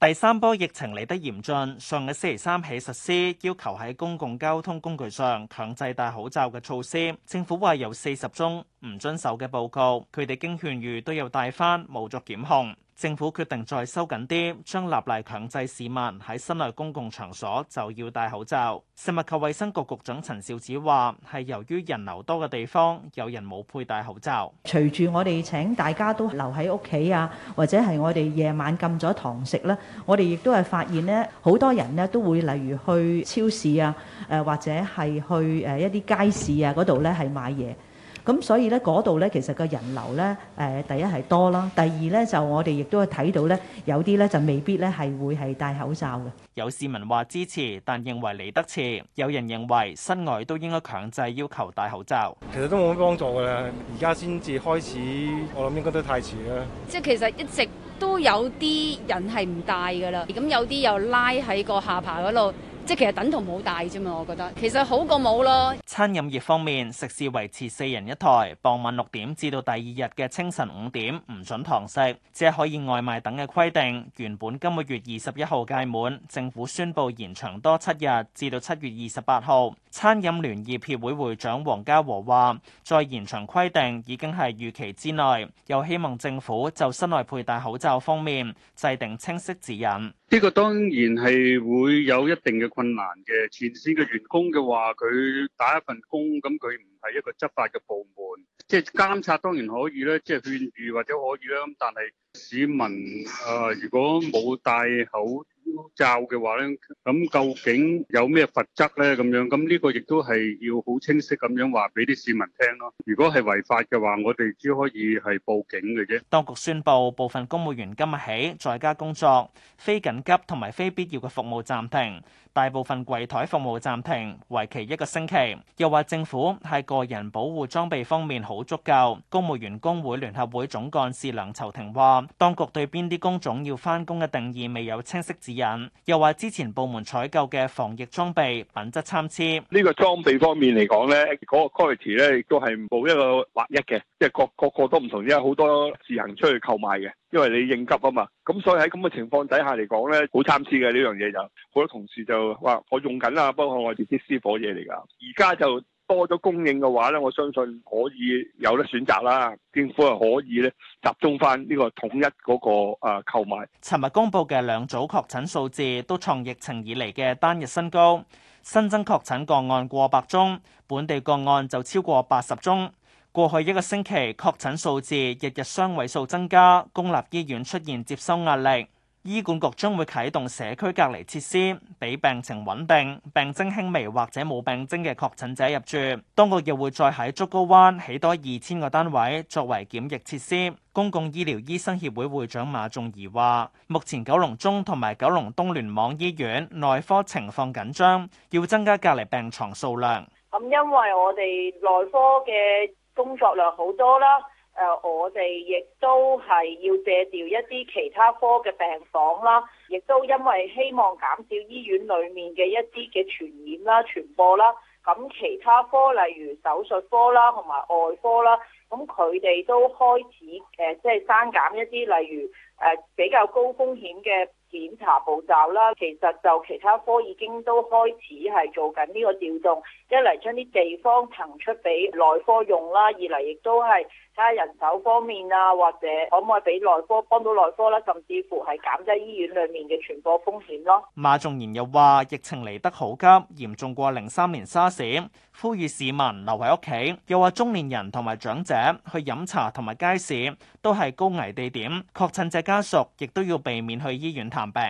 第三波疫情嚟得嚴峻，上個星期三起實施要求喺公共交通工具上強制戴口罩嘅措施。政府話有四十宗唔遵守嘅報告，佢哋經勸喻都有戴翻，冇作檢控。政府決定再收緊啲，將立例強制市民喺室內公共場所就要戴口罩。食物及衛生局局長陳肇始話：係由於人流多嘅地方，有人冇佩戴口罩。隨住我哋請大家都留喺屋企啊，或者係我哋夜晚禁咗堂食啦，我哋亦都係發現呢，好多人呢都會例如去超市啊，或者係去一啲街市啊嗰度咧係買嘢。咁所以咧，嗰度咧，其實個人流咧，誒，第一係多啦，第二咧就我哋亦都係睇到咧，有啲咧就未必咧係會係戴口罩嘅。有市民話支持，但認為嚟得遲。有人認為室外都應該強制要求戴口罩。其實都冇乜幫助㗎啦，而家先至開始，我諗應該都太遲啦。即係其實一直都有啲人係唔戴㗎啦，咁有啲又拉喺個下巴嗰度。即係其實等同冇戴啫嘛，我覺得其實好過冇咯。餐飲業方面，食肆維持四人一台，傍晚六點至到第二日嘅清晨五點唔准堂食，只係可以外賣等嘅規定。原本今個月二十一號屆滿，政府宣布延長多七日至到七月二十八號。餐飲聯業協會會長黃家和話再延長規定已經係預期之內，又希望政府就室內佩戴口罩方面制定清晰指引。呢個當然係會有一定嘅。困難嘅前線嘅員工嘅話，佢打一份工咁，佢唔係一個執法嘅部門，即係監察當然可以咧，即係勸喻或者可以啦。咁但係市民啊，如果冇戴口罩嘅話咧，咁究竟有咩罰則咧？咁樣咁呢個亦都係要好清晰咁樣話俾啲市民聽咯。如果係違法嘅話，我哋只可以係報警嘅啫。當局宣布，部分公務員今日起在家工作，非緊急同埋非必要嘅服務暫停。大部分櫃台服務暫停，為期一個星期。又話政府喺個人保護裝備方面好足夠。公務員工會聯合會總幹事梁籌庭話，當局對邊啲工種要翻工嘅定義未有清晰指引。又話之前部門採購嘅防疫裝備品質參差。呢個裝備方面嚟講咧，那個個該詞咧亦都係冇一個劃一嘅。即係各各個都唔同，因為好多自行出去購買嘅，因為你應急啊嘛。咁所以喺咁嘅情況底下嚟講咧，好參差嘅。呢樣嘢就好多同事就話我用緊啦，包括我哋啲私夥嘢嚟噶。而家就多咗供應嘅話咧，我相信可以有得選擇啦。政府係可以咧集中翻呢個統一嗰個啊購買。尋日公布嘅兩組確診數字都創疫情以嚟嘅單日新高，新增確診個案過百宗，本地個案就超過八十宗。過去一個星期，確診數字日日雙位數增加，公立醫院出現接收壓力。醫管局將會啟動社區隔離設施，俾病情穩定、病徵輕微或者冇病徵嘅確診者入住。當局亦會再喺竹篙灣起多二千個單位，作為檢疫設施。公共醫療醫生協會會長馬仲儀話，目前九龍中同埋九龍東聯網醫院內科情況緊張，要增加隔離病床數量。咁因為我哋內科嘅工作量好多啦，誒，我哋亦都係要借調一啲其他科嘅病房啦，亦都因為希望減少醫院裡面嘅一啲嘅傳染啦、傳播啦，咁其他科，例如手術科啦，同埋外科啦，咁佢哋都開始誒，即係刪減一啲，例如。誒比較高風險嘅檢查步驟啦，其實就其他科已經都開始係做緊呢個調動，一嚟將啲地方騰出俾內科用啦，二嚟亦都係睇下人手方面啊，或者可唔可以俾內科幫到內科啦，甚至乎係減低醫院裡面嘅傳播風險咯。馬仲賢又話：疫情嚟得好急，嚴重過零三年沙士，呼籲市民留喺屋企。又話中年人同埋長者去飲茶同埋街市都係高危地點，確診者，家屬亦都要避免去醫院探病。